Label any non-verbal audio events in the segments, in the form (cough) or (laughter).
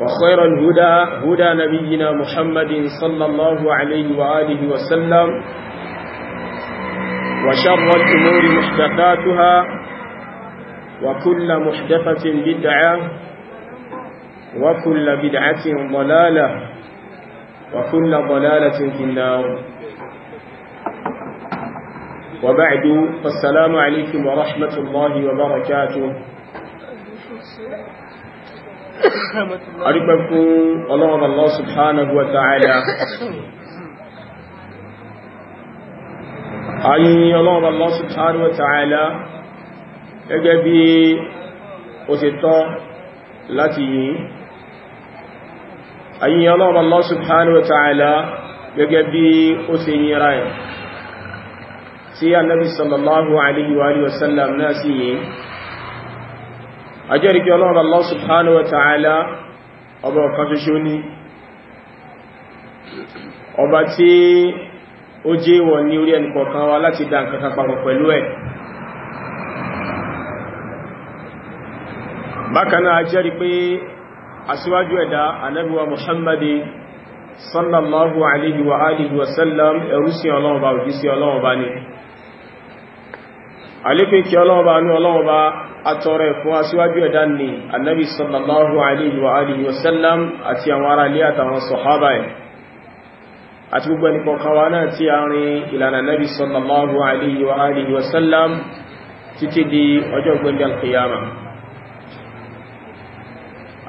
وخير الهدى هدى نبينا محمد صلى الله عليه وآله وسلم وشر الأمور محدثاتها وكل محدثة بدعة وكل بدعة ضلالة وكل ضلالة في النار وبعد فالسلام عليكم ورحمة الله وبركاته adúpẹ́ fún ọlọ́run Allah subhanahu wa ta'ala ayin ọlọ́run Allah subhanahu wa ta'ala gẹ́gẹ́ bí ó ṣe tọ́ láti yìí ayin ọlọ́run Allah subhanahu wa ta'ala gẹ́gẹ́ bí ó ṣe yíra ẹ̀ tí annabi sallallahu ajẹ́rìkí ọlọ́run Allah subhanahu wa ta'ala ọba ọ̀kan ṣoṣo ní ọba tí ó jẹ́ wọ ní orí ẹnìkọ̀ọ̀kan wa láti dá nǹkan kan papọ̀ pẹ̀lú ẹ̀ bákanáà ajẹ́rì pé aṣíwájú ẹ̀dá Ànábì wa Muhammadi sallallahu alaihi wa alihi wasallam ẹrú sí ọlọ́run ba òjí sí ọlọ́run ba ní alékèkè ọlọ́run ba ní ọlọ́run ba atọrẹ fún aṣíwájú ẹ̀dá ni annabi sallallahu alaihi wa alihi wasallam àti àwọn ará ilé àtàwọn sọ̀hábà ẹ̀ àti gbogbo ẹni kọkawa náà tí a rin ìlànà annabi sallallahu alaihi wa alihi wasallam títí di ọjọ́ gbẹ̀ndẹ̀ alkiyama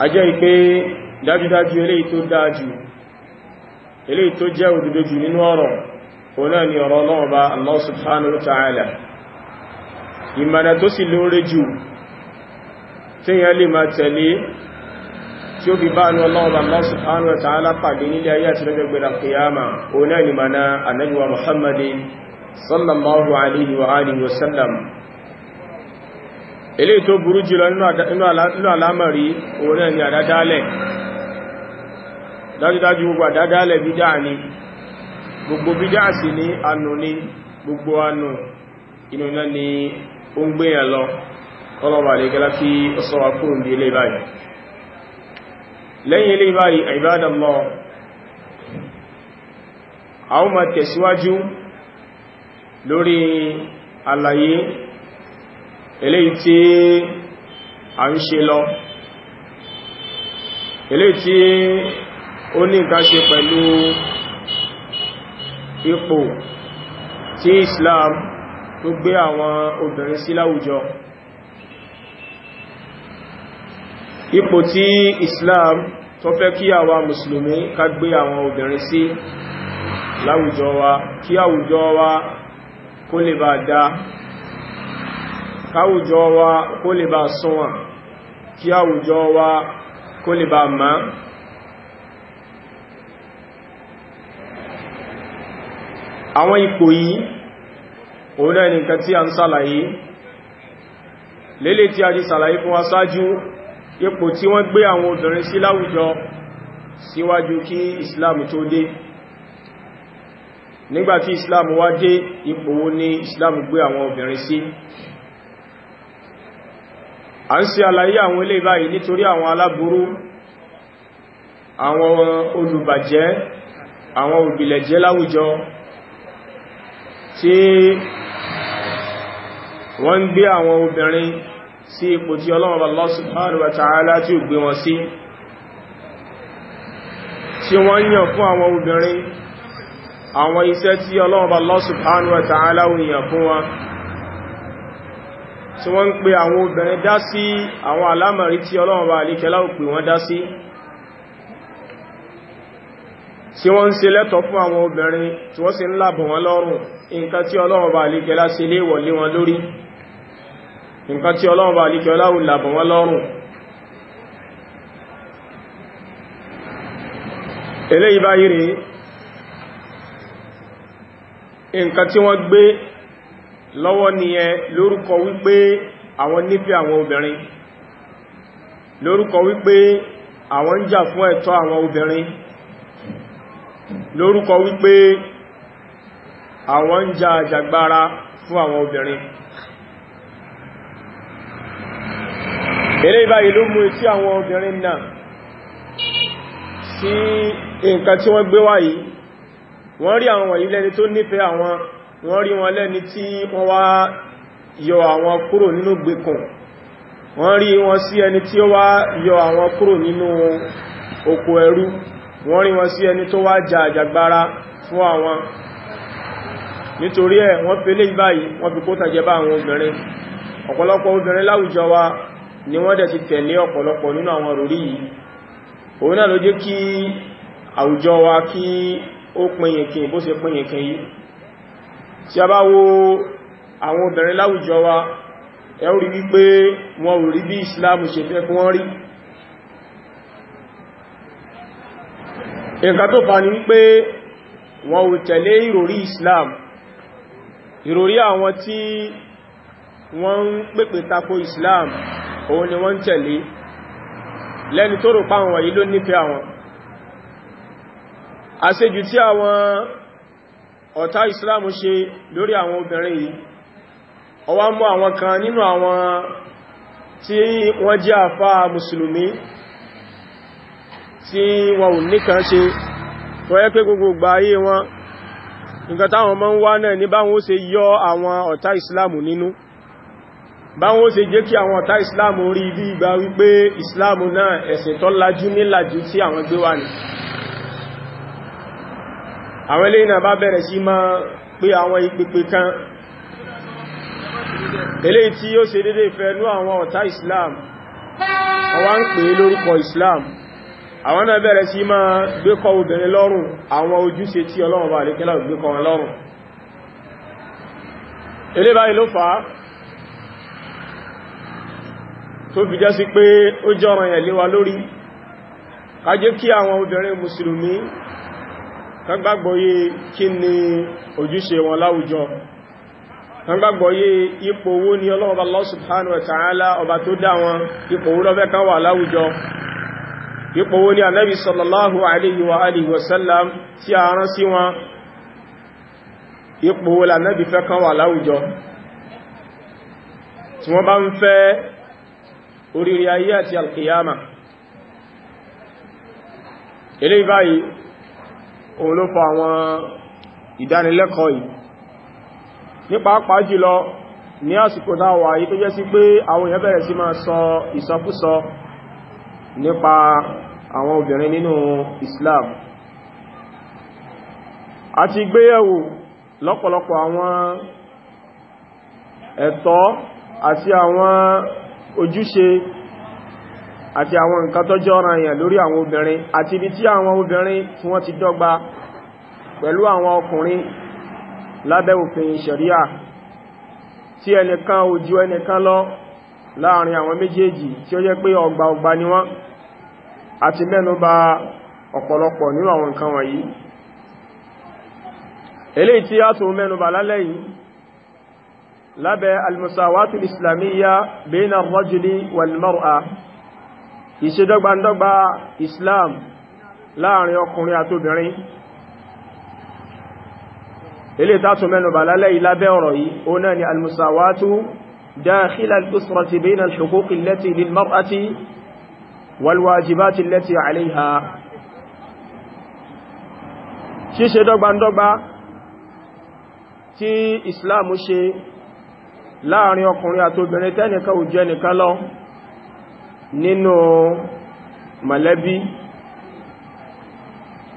a jẹ́ ìpé dájúdájú eléyìí tó dájú eléyìí tó jẹ́ òdodo jù ìmọ̀nà tó sì lóore jù tí yẹn lè máa tẹ̀lé tí ó fi bá ní ọlọ́ọ̀bà Allah subhanahu wa ta'ala pàdé nílé ayé àti lọ́jọ́ gbẹ̀rẹ̀ kìyàmà o náà ni mana Ànábì wa Muhammadin sallallahu alaihi wa alihi wa sallam ilé tó burú jùlọ nínú alámàrí o náà ni àdádálẹ̀ dájúdájú gbogbo àdádálẹ̀ bídá ni gbogbo bídá sì ní anù ní gbogbo anù inú náà ni ó ń gbéyàn lọ ọlọ́wà lè gẹ́lá kí ó sọ wa kúrò ní ilé báyìí lẹ́yìn ilé báyìí ibadallah a ó ma tẹ̀síwájú lórí àlàyé eléyìí tí a ń ṣe lọ eléyìí tí ó ní nǹkan pẹ̀lú ipò tí Islam tó gbé àwọn obìnrin sí láwùjọ ipò tí Islam tó fẹ́ kí àwa mùsùlùmí ká gbé àwọn obìnrin sí láwùjọ wa kí àwùjọ wa kó lè bá dá káwùjọ wa kó lè bá súnwọ̀n kí àwùjọ wa kó lè bá máa àwọn ipò yìí òun náà nìkan tí a ń sàlàyé lélè tí a ti sàlàyé fún wa sáájú ipò tí wọ́n gbé àwọn obìnrin sí láwùjọ síwájú kí islam tó dé nígbàtí islam wá dé ipò wo ni islam gbé àwọn obìnrin sí a ń ṣe àlàyé àwọn ilé báyìí nítorí àwọn aláburú àwọn olùbàjẹ́ àwọn òbìlẹ̀jẹ́ láwùjọ tí wọ́n ń gbé àwọn obìnrin sí ipò tí ọlọ́run Allah subhanahu wa ta'ala tí ó gbé wọn sí tí wọ́n yàn fún àwọn obìnrin àwọn iṣẹ́ tí ọlọ́run Allah subhanahu wa ta'ala ó yàn fún wọn tí wọ́n ń pè àwọn obìnrin dá sí àwọn alámàrí tí ọlọ́run àríkẹ́lá ò pè wọ́n dá sí tí nǹkan tí ọlọ́run bá líkẹ́ ọláwù làbọ̀ wọn lọ́rùn eléyìí báyìí rí nǹkan tí wọ́n gbé lọ́wọ́ nìyẹn lórúkọ wípé àwọn nífẹ̀ẹ́ àwọn obìnrin lórúkọ wípé àwọn ń jà fún ẹ̀tọ́ àwọn obìnrin lórúkọ wípé àwọn ń jà àjàgbára fún àwọn obìnrin eré ìbáyìí ló mú etí àwọn obìnrin náà sí nǹkan tí wọ́n gbé wá yìí wọ́n rí àwọn wọ̀nyí lẹ́ni tó nífẹ̀ẹ́ àwọn wọ́n rí wọn lẹ́ni tí wọ́n wá yọ àwọn kúrò nínú gbèkùn wọ́n rí wọn sí ẹni tí ó wá yọ àwọn kúrò nínú oko ẹrú wọ́n rí wọn sí ẹni tó wá jà àjàgbára fún àwọn nítorí ẹ̀ wọ́n pelé ìbáyìí wọ́n fi kó tàjẹbá àwọn obìnrin ọ̀pọ̀lọpọ̀ obìnrin láwùjọ wa ni wọ́n dẹ̀ ti tẹ̀lé ọ̀pọ̀lọpọ̀ nínú àwọn òrí yìí òun náà ló jẹ́ kí àwùjọ wa kí ó pínyẹ̀kìn bó ṣe pínyẹ̀kìn yìí tí a bá wo àwọn obìnrin láwùjọ wa ẹ rí wípé wọn ò rí bí Islam ṣe fẹ́ kí wọ́n rí nǹkan tó fà ní wípé wọn ò tẹ̀lé ìròrí Islam ìròrí àwọn tí wọ́n ń pèpè tako Islam òun ni wọ́n tẹ̀lé lẹ́ni tó rò páwọn wọ̀nyí ló nífẹ́ àwọn àṣejù tí àwọn ọ̀tá ìsìláàmù ṣe lórí àwọn obìnrin yìí ọwá mú àwọn kan nínú àwọn tí wọ́n jẹ́ àfá mùsùlùmí tí wọn ò níkan ṣe tó yẹ pé gbogbo gbà ayé wọn nǹkan táwọn mọ́ ń wá náà ní báwọn ó ṣe yọ àwọn ọ̀tá ìsìláàmù nínú báwọn ó ṣe jẹ́ kí àwọn ọ̀tá islam orí ibi ìgbà wípé islam náà ẹ̀sìn tó lajú nílàjú tí àwọn gbé wà ní àwọn ilé ìnà bá bẹ̀rẹ̀ sí máa pé àwọn ìpèpè kan ilé tí ó ṣe dédé ìfẹ́nú àwọn ọ̀tá islam àwọn ń pè lórúkọ islam àwọn náà bẹ̀rẹ̀ sí máa gbékọ obìnrin lọ́rùn àwọn ojúṣe tí ọlọ́run bá lè kẹ́lá gbékọ wọn lọ́rùn ilé báyìí ló fàá tó fi jẹ́ sí pé ó jọ́rọ̀ yẹ̀ léwa lórí ká jẹ́ kí àwọn obìnrin mùsùlùmí kan gbàgbọ́yé kí ni ojúṣe wọn láwùjọ kan gbàgbọ́yé ipò owó ni ọlọ́ọ̀bá Allah subhanahu wa ta'ala ọba tó dá wọn ipò owó lọ́fẹ́ kan wà láwùjọ ipò owó ni Ànábì sallallahu alayhi wa alihi wa sallam tí a rán sí wọn ipò owó lànẹ́bì fẹ́ kan wà oríire ayé àti alkiyama eléyìí báyìí òun ló fa àwọn ìdánilẹ́kọ̀ọ́ yìí ní pàápàá jùlọ ní àsìkò dáwà yìí tó jẹ́ sí pé àwọn èèyàn bẹ̀rẹ̀ sí máa sọ ìsọkúsọ nípa àwọn obìnrin nínú Islam àti gbéyẹ̀wò lọ́pọ̀lọpọ̀ àwọn ẹ̀tọ́ àti àwọn ojúṣe àti àwọn nǹkan tó jẹ́ ọ̀ranyàn lórí àwọn obìnrin àti ibi tí àwọn obìnrin tí wọ́n ti dọ́gba pẹ̀lú àwọn ọkùnrin lábẹ́ òfin ṣẹ̀ríà tí ẹnìkan ò ju ẹnìkan lọ láàrin àwọn méjèèjì tí ó jẹ́ pé ọgbà ọgbà ni wọ́n lábẹ́ almusawatul islamiyya bayna ar-rajuli wal mar'a ìṣedọ́gbandọ́gba islam láàrin ọkùnrin àtobìnrin ilé tàtù mẹ́nubà lálẹ́ ìlábẹ́ ọ̀rọ̀ yìí ó náà ni almusawatu dakhil al-usrati bayna al-huquq allati lil mar'ati wal wajibati allati 'alayha ṣíṣe dọ́gbandọ́gba ṣe láàrin ọkùnrin àti obìnrin tẹ́nìkan ò jẹ́ nìkan lọ nínú mọ̀lẹ́bí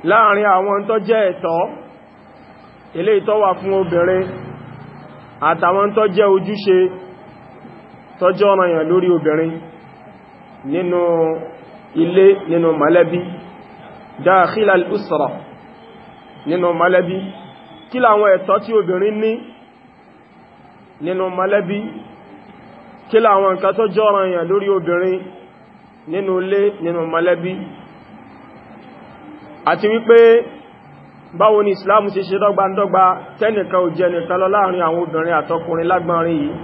láàrin àwọn tó jẹ́ ẹ̀tọ́ eléyìí tó wà fún obìnrin àtàwọn tó jẹ́ ojúṣe tó jẹ́ ọ̀ranyàn lórí obìnrin nínú ilé nínú mọ̀lẹ́bí dáàkílà al-usra nínú mọ̀lẹ́bí kí làwọn ẹ̀tọ́ tí obìnrin ní nínú mọ̀lẹ́bí kí láwọn nǹkan tó jọ́ràn yàn lórí obìnrin nínú ilé nínú mọ̀lẹ́bí àti wípé báwo ni islam ṣe ṣe dọ́gbandọ́gba tẹ́nìkan ò jẹ nìkan lọ láàrin àwọn obìnrin àtọkùnrin lágbọ́nrin yìí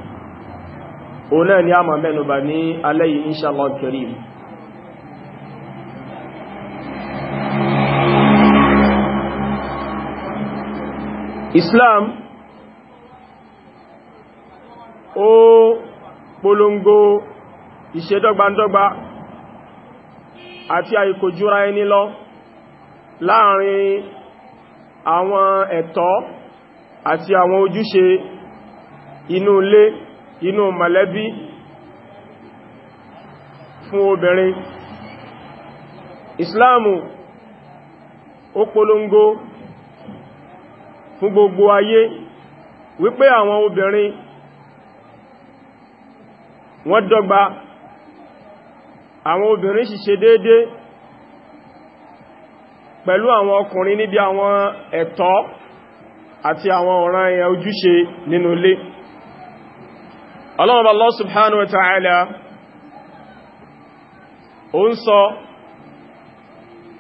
o náà ni a mọ̀ mẹ́nubà ní alẹ́ yìí inshallah karim islam ó polongo ìṣedọ́gbandọ́gba àti àìkòjúra ẹni lọ láàrin àwọn ẹ̀tọ́ àti àwọn ojúṣe inú ilé inú mọ̀lẹ́bí fún obìnrin ìsìláàmù ó polongo fún gbogbo ayé wípé àwọn obìnrin wọ́n dọ́gba àwọn obìnrin sì ṣe déédé pẹ̀lú àwọn ọkùnrin níbi àwọn ẹ̀tọ́ àti àwọn ọ̀ràn ẹ̀yà ojúṣe nínú ilé ọlọ́mọba Allah subhanahu wa ta'ala ó ń sọ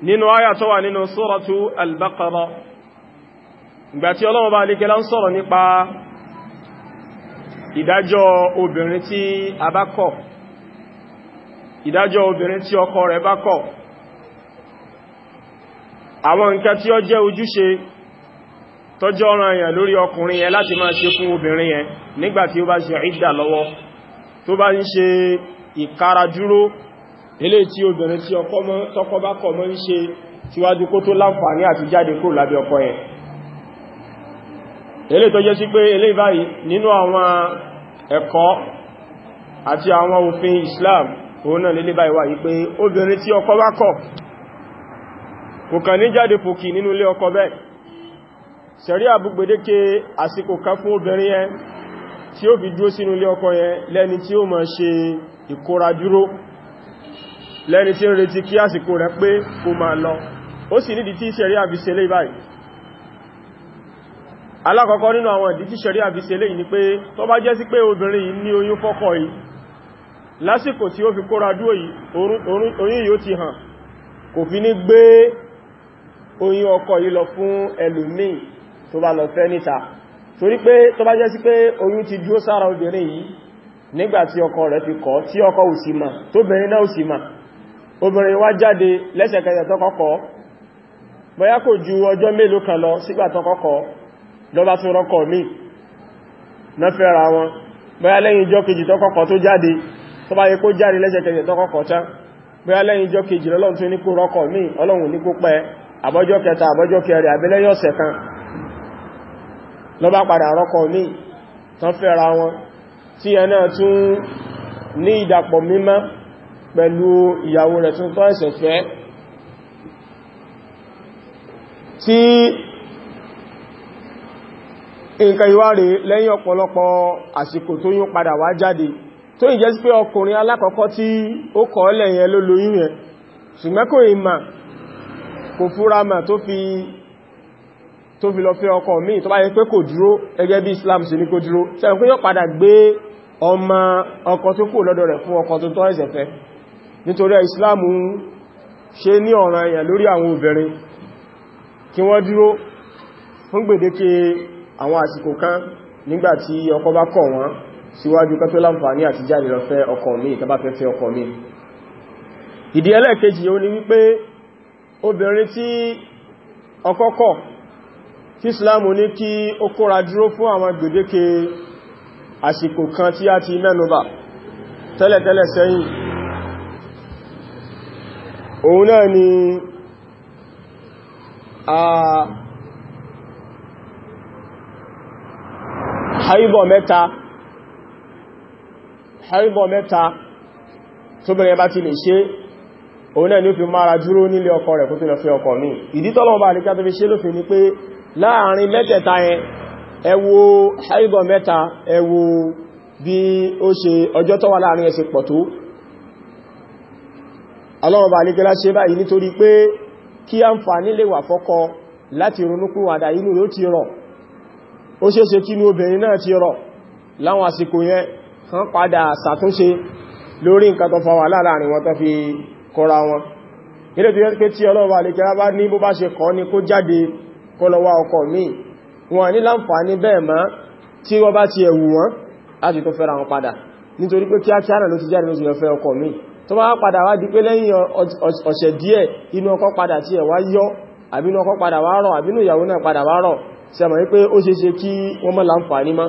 nínú àyà tó wà nínú suratu al ìgbàtí ọlọ́mọba alìkẹ́lá ń sọ̀rọ̀ nípa ìdájọ́ obìnrin tí a bá kọ̀ ìdájọ́ obìnrin tí ọkọ rẹ̀ bá kọ̀ àwọn nǹkan tí ó jẹ́ ojúṣe tọ́jọ́ ọ̀ràn èèyàn lórí ọkùnrin yẹn láti máa ṣe fún obìnrin yẹn nígbàtí ó bá ṣe ìdà lọ́wọ́ tó bá ń ṣe ìkáradúró ilé tí obìnrin tí ọkọ bá kọ̀ mọ́ ń ṣe síwájú kó tó láǹfààní àti jáde kúrò lábẹ́ ọkọ yẹn ilé tó jẹ́ sí pé ilé báyìí nínú àwọn ẹ̀kọ́ àti àwọn òfin Islam òun náà lélé báyìí wà yí pé obìnrin tí ọkọ bá kọ̀ kò kàn ní jáde pòkì nínú ilé ọkọ bẹ́ẹ̀ sẹ̀rí àbúgbèdéke àsìkò kan fún obìnrin yẹn tí ó fi dúró sínú ilé ọkọ yẹn lẹ́ni tí ó máa ṣe ìkóra dúró lẹ́ni tí ó retí kí àsìkò rẹ̀ pé kó máa lọ ó sì nídìí tí sẹ̀rí àbíṣẹ́lé báyìí alákọ̀ọ́kọ́ nínú àwọn ìdí tí ṣẹ̀rí àbí ṣẹlẹ̀ yìí ni pé tó bá jẹ́ sí pé obìnrin yìí ní oyún fọ́kọ yìí lásìkò tí ó fi kóra dúó yìí oyún yóò ti hàn kò fi ní gbé oyún ọkọ yìí lọ fún ẹlòmíì tó bá lọ fẹ́ níta torí pé tó bá jẹ́ sí pé oyún ti dúó sára obìnrin yìí lọ́bá tún rọ́kọ̀ mí náà fẹ́ra wọn bóyá lẹ́yìn ìjọ kejì tọ́kọ̀kọ̀ tó jáde tó bá yẹ kó jáde lẹ́sẹ̀kẹsẹ̀ tọ́kọ̀kọ̀ tán bóyá lẹ́yìn ìjọ kejì lọ́lọ́run tún ní kó rọ́kọ̀ mí ọlọ́run ní kó pẹ́ àbọ́jọ́ kẹta àbọ́jọ́ kẹrin àbẹ́lẹ́yìn ọ̀sẹ̀ kan lọ́bá padà rọ́kọ̀ mí tán fẹ́ra wọn tí ẹ náà tún ní tí nǹkan ìwáre lẹ́yìn ọ̀pọ̀lọpọ̀ àsìkò tó yún padà wá jáde tó ìjẹ́ sí pé ọkùnrin alákọ̀ọ́kọ́ tí ó kọ̀ lẹ́yìn ló lóyún yẹn ṣùgbọ́n ìmà kò fúra mà tó fi tó fi lọ fẹ́ ọkọ míì tó bá yẹ pé kò dúró gẹ́gẹ́ bí Islam ṣe ní kó dúró sẹ́yìn pé yóò padà gbé ọmọ ọkọ tó kù lọ́dọ̀ rẹ̀ fún ọkọ tó tọ́ ẹ̀sẹ̀ fẹ́ nítorí Islam ṣe àwọn àsìkò kan nígbàtí ọkọ bá kọ̀ wọ́n síwájú kan tó láǹfààní àti jáde lọ fẹ́ ọkọ mi ìtàbá fẹ́ fẹ́ ọkọ mi ìdí ẹlẹ́ẹ̀kejì ó ní wípé obìnrin tí ọkọ kọ̀ tí islamu ní kí ó kóra dúró fún àwọn gbèdéke àsìkò kan tí a ti mẹ́nubà tẹ́lẹ̀tẹ́lẹ̀ sẹ́yìn òun náà ni a haibọ̀ mẹ́ta haibọ̀ mẹ́ta tó bẹ̀rẹ̀ bá ti lè ṣe òun náà ni ó fi mara dúró nílé ọkọ rẹ̀ kó tó lọ fẹ́ ọkọ mi ìdí tọ́lọ́wọ́ bá àríká tó fi ṣe lófin ni pé láàrin mẹ́tẹ̀ta yẹn ẹ wo haibọ̀ mẹ́ta ẹ wo bí ó ṣe ọjọ́ tó wà láàrin ẹ̀sìn pọ̀ tó ọlọ́wọ́ bá àríká ṣe báyìí nítorí pé kí àǹfààní lè wà fọ́kọ láti ronúkúwàdà inú ó ṣe é ṣe kí ní obìnrin náà ti rọ̀ láwọn àsìkò yẹn kan padà sàtúnṣe lórí nǹkan tó fa wàhálà láàrin wọn tó fi kọra wọn ilé tó yẹ pé tí ọlọ́wà lè kẹra bá ní bó bá ṣe kọ́ ní kó jáde kọlọwà ọkọ míì wọn ní láǹfààní bẹ́ẹ̀ má tí wọ́n bá ti ẹ̀wù wọn láti tó fẹ́ra wọn padà nítorí pé kíákíá náà ló ti jáde ló ti sí àmà wípé ó ṣe ṣe kí wọ́n mọ́ láǹfààní má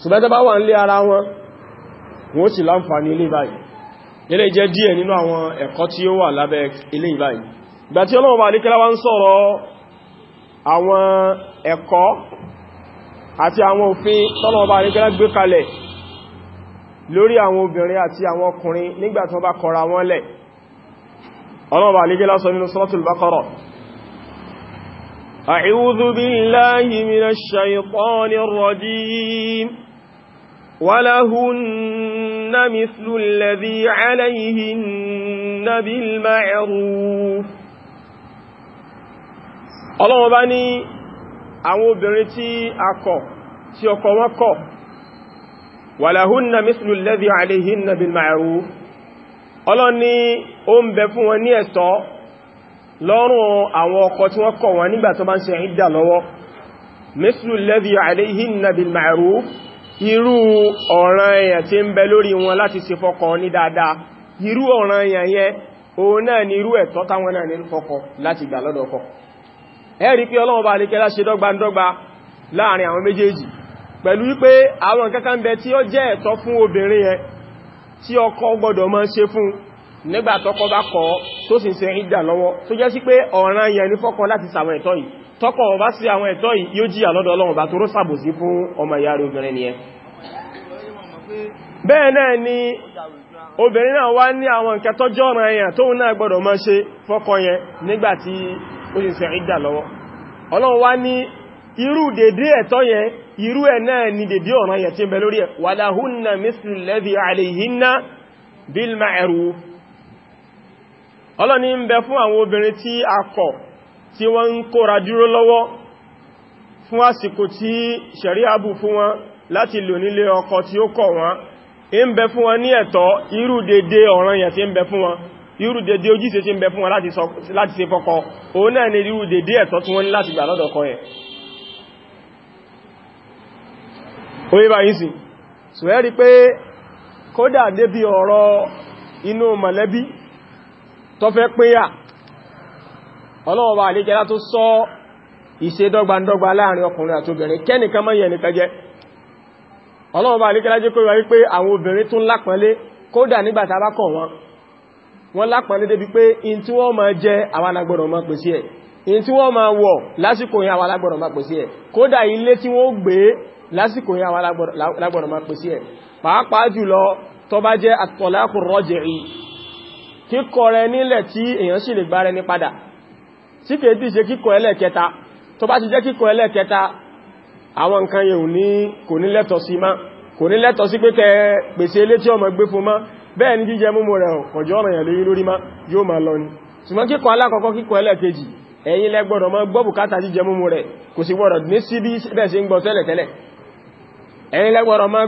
ṣùgbẹ́ta bá wà ń lé ara wọn wọ́n sì láǹfààní ilé báyìí ilé jẹ́ díẹ̀ nínú àwọn ẹ̀kọ́ tí ó wà lábẹ́ ilé báyìí ìgbà tí ọlọ́wọ́ bá níkẹ́lá wá ń sọ̀rọ̀ àwọn ẹ̀kọ́ àti àwọn òfin tọ́lọ́wọ́ bá níkẹ́lá gbé kalẹ̀ lórí àwọn obìnrin àti àwọn ọkùnrin nígbà tí wọ́n bá kọra wọn lẹ̀ ọlọ́wọ́ bá níkẹ́lá sọ nínú Suratul Baqarah أعوذ بالله من الشيطان الرجيم ولهن مثل الذي عليهن بالمعروف Ọlọ́run bá ní àwọn obìnrin tí a kọ̀ tí ọkọ wọn kọ̀ ولهن مثل الذي عليهن بالمعروف Ọlọ́run ní ó ń bẹ fún wọn ní ẹ̀tọ́ lọ́rùn àwọn ọkọ tí wọ́n kọ̀ wọn nígbà tó bá ń ṣe ìdà lọ́wọ́ mislu alladhi alayhinna bil ma'ruf irú ọ̀ràn èyàn tí ń bẹ lórí wọn láti ṣe fọ́kọ ní dáadáa irú ọ̀ràn èyàn yẹn òun náà ni irú ẹ̀tọ́ táwọn náà nígbà tọ́kọ bá kọ tó sì ń ṣe ìdà lọ́wọ́ tó jẹ́ sí pé ọ̀ràn yẹn ní fọ́kọ láti sàwọn ẹ̀tọ́ yìí tọ́kọ ò bá sí àwọn ẹ̀tọ́ yìí yóò jíyà lọ́dọ̀ Ọlọ́run bá toró sàbòsí fún ọmọ ìyá rẹ̀ obìnrin nìyẹn bẹ́ẹ̀ náà ni obìnrin náà wá ní àwọn nǹkan tọ́jọ́ ọ̀ràn yẹn tóun náà gbọ́dọ̀ máa ṣe fọ́kọ yẹn nígbà tí ó sì ń ṣe ìdà lọ́wọ́ Ọlọ́run wá ní irú dèdé ẹ̀tọ́ yẹn irú ẹ̀ náà ni dèdé ọ̀ràn yẹn tí ń bẹ lórí ẹ̀ wàláhùnà mísìlẹ̀dì àlèyìnà bílmà ẹ̀rù ọlọ́ni ń bẹ fún àwọn obìnrin tí a kọ̀ tí wọ́n ń kóra dúró lọ́wọ́ fún àsìkò tí ṣẹ̀rí àbù fún wọn láti lò nílé ọkọ tí ó kọ̀ wọn ń bẹ fún wọn ní ẹ̀tọ́ irú dédé ọ̀ranyàn tí ń bẹ fún wọn irú dédé ojúṣe tí ń bẹ fún wọn láti ṣe fọ́kọ inú mọ̀lẹ́bí tó fẹ́ péyà ọlọ́ọ̀bá àlékẹ́lá tó sọ ìṣedọ́gbandọ́gba láàrin ọkùnrin àti obìnrin kẹ́nìkan mọ́ yẹn nìkan jẹ́ ọlọ́ọ̀bá àlékẹ́lá jẹ́ kó wáyé pé àwọn obìnrin tún lápọ̀nlé kódà nígbàtà bá kọ̀ wọn wọ́n lápọ̀nlé débi pé in tí wọ́n máa jẹ àwọn alágbọ̀rọ̀ máa pèsè ẹ̀ in tí wọ́n máa wọ̀ lásìkò yẹn àwọn alágbọ̀rọ̀ máa pèsè ẹ̀ kódà ilé tí wọ́n kíkọ rẹ nílẹ̀ tí èyàn sì lè gbá rẹ ní padà tí kèé tí ṣe kíkọ ẹlẹ́ẹ̀kẹta tó bá ti jẹ́ kíkọ ẹlẹ́ẹ̀kẹta àwọn nǹkan yẹn ní kò ní lẹ́tọ̀ sí má kò ní lẹ́tọ̀ sí pé kẹ pèsè ilé tí ọmọ gbé fún má bẹ́ẹ̀ ni jíjẹ múmú rẹ̀ ọ̀jọ́ ọ̀rọ̀ yẹn lórí lórí má yóò máa lọ ni ṣùgbọ́n kíkọ alákọ̀ọ́kọ́ kíkọ ẹlẹ́ẹ̀kejì ẹ̀yin lẹ gbọ́dọ̀ mọ́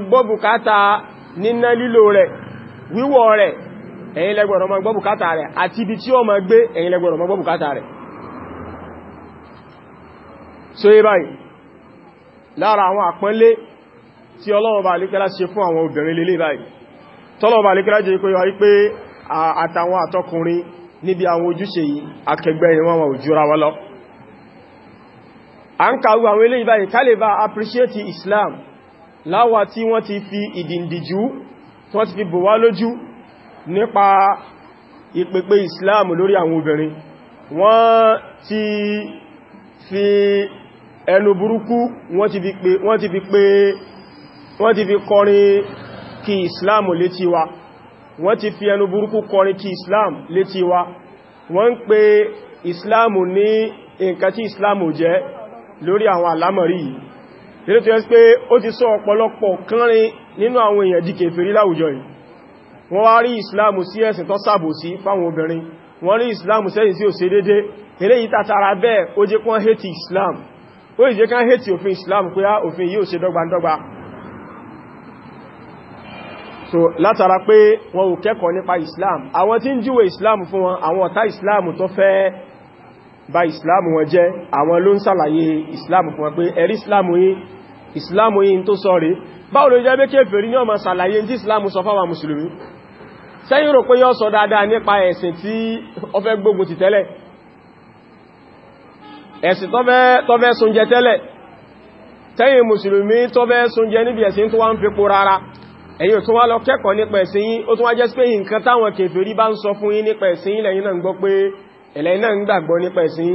gbọ́ bùkátà wíwọ̀ rẹ̀ ẹ̀yin lẹ́gbọ̀rọ̀ ma gbọ́ bùkátà rẹ̀ àti ibi tí ó ma gbé ẹ̀yin lẹ́gbọ̀rọ̀ ma gbọ́ bùkátà rẹ̀ so yí báyìí lára àwọn àpọ́nlé tí Ọlọ́run bá alékẹ́lá ṣe fún àwọn obìnrin lélé báyìí tọ́lọ́run bá alékẹ́lá jẹ́ ìkóyọ wípé àtàwọn àtọkùnrin ni wọ́n wọ́n jùra wọ́n lọ a ń kàrú àwọn lè bá appreciate Islam láwa tí wọ́n ti fi ìdìndìjú tí wọ́n ti fi bò wá lójú nípa ìpèpè Islam lórí àwọn obìnrin wọ́n ti fi ẹnu burúkú wọ́n ti fi pè wọ́n ti fi pè wọ́n ti fi kọrin kí Islam létí wa wọ́n ti fi ẹnu burúkú kọrin kí Islam létí wa wọ́n ń pè Islam ní nǹkan tí Islam ò jẹ́ lórí àwọn àlámọ̀rí yìí lórí tó yẹ́ pé ó ti sọ ọ̀pọ̀lọpọ̀ kánrin nínú àwọn èèyàn di kèfèrí láwùjọ yìí wọ́n wá rí ìsìláàmù sí ẹ̀sìn tó sàbòsí fáwọn obìnrin wọ́n rí ìsìláàmù sẹ́yìn sí òṣè dédé eléyìí tàtàrà bẹ́ẹ̀ ó jẹ́ kán hétì islam ó jẹ́ kán hétì òfin islam pé á ah, òfin yìí ò ṣe dọ́gbandọ́gba so látara pé wọn ò kẹ́kọ̀ọ́ islam àwọn islam fún wọn islam tó fẹ́ islam wọn jẹ́ àwọn islam fún wọn pé ẹ̀rí islam yìí islam yìí tó sọ rí báwo ló jẹ́ bẹ́kẹ́ fèrí ní ọmọ sàlàyé tí islam sọ fáwọn mùsùlùmí sẹ́yìn rò pé yọ́ sọ dáadáa nípa ẹ̀sìn tí ó fẹ́ gbogbo ti tẹ́lẹ̀ ẹ̀sìn tó fẹ́ súnjẹ tẹ́lẹ̀ sẹ́yìn mùsùlùmí tó fẹ́ súnjẹ níbi ẹ̀sìn tó wá ń fipò rárá ẹ̀yin tó wá lọ kẹ́kọ̀ọ́ nípa ẹ̀sìn yín ó tún wá jẹ́ pé nǹkan táwọn kèfèrí bá ń sọ fún nípa ẹ̀sìn lẹ́yìn náà ń gbọ́ pé náà ń gbàgbọ́ nípa ẹ̀sìn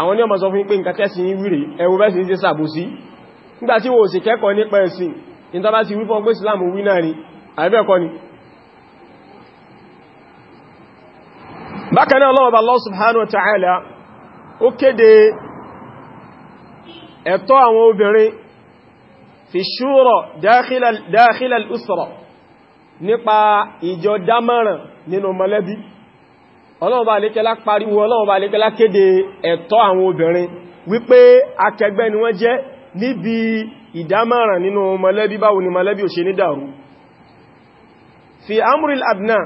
àwọn sọ fún pé nǹkan ẹwọ nígbà tí sì bákanáà ọlọ́wọ́ Allah subhanahu wa ta'ala ó kéde ẹ̀tọ́ àwọn obìnrin fi ṣúrọ̀ dáàkílẹ̀ ìsọ̀rọ̀ nípa ìjọ dámọ̀ràn nínú mọ̀lẹ́bí ọlọ́ọ̀bá alékẹ́lá pariwo ọlọ́ọ̀bá alékẹ́lá kéde ẹ̀tọ́ àwọn obìnrin wípé akẹgbẹ́ ni wọ́n jẹ́ níbi ìdámọ̀ràn nínú mọ̀lẹ́bí báwo ni mọ̀lẹ́bí ò ṣe ní dàrú fi amril abna